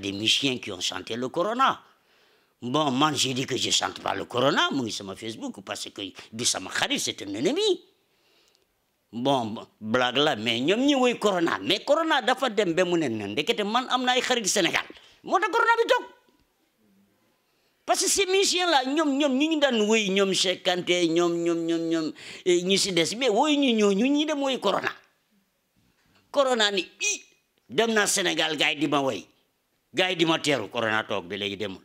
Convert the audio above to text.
des musiciens qui ont chanté le corona. Bon, moi, j'ai dit que je ne chante pas le corona, moi, sur mon Facebook, parce que Doussama Kharif, c'est un ennemi. Bon, blague là, mais nous avons le corona. Mais corona, d'affaire de Mbemounen, de que man amna ay du Sénégal. Moi, le corona, bitok. Parce que ces musiciens-là, nous avons dit que nous avons chanté, nous avons nous avons nous avons mais nous avons nous avons corona. Corona, ni, dem au Sénégal, gars, dit, ben gars yi di ma teeru corona toog bi léegi demul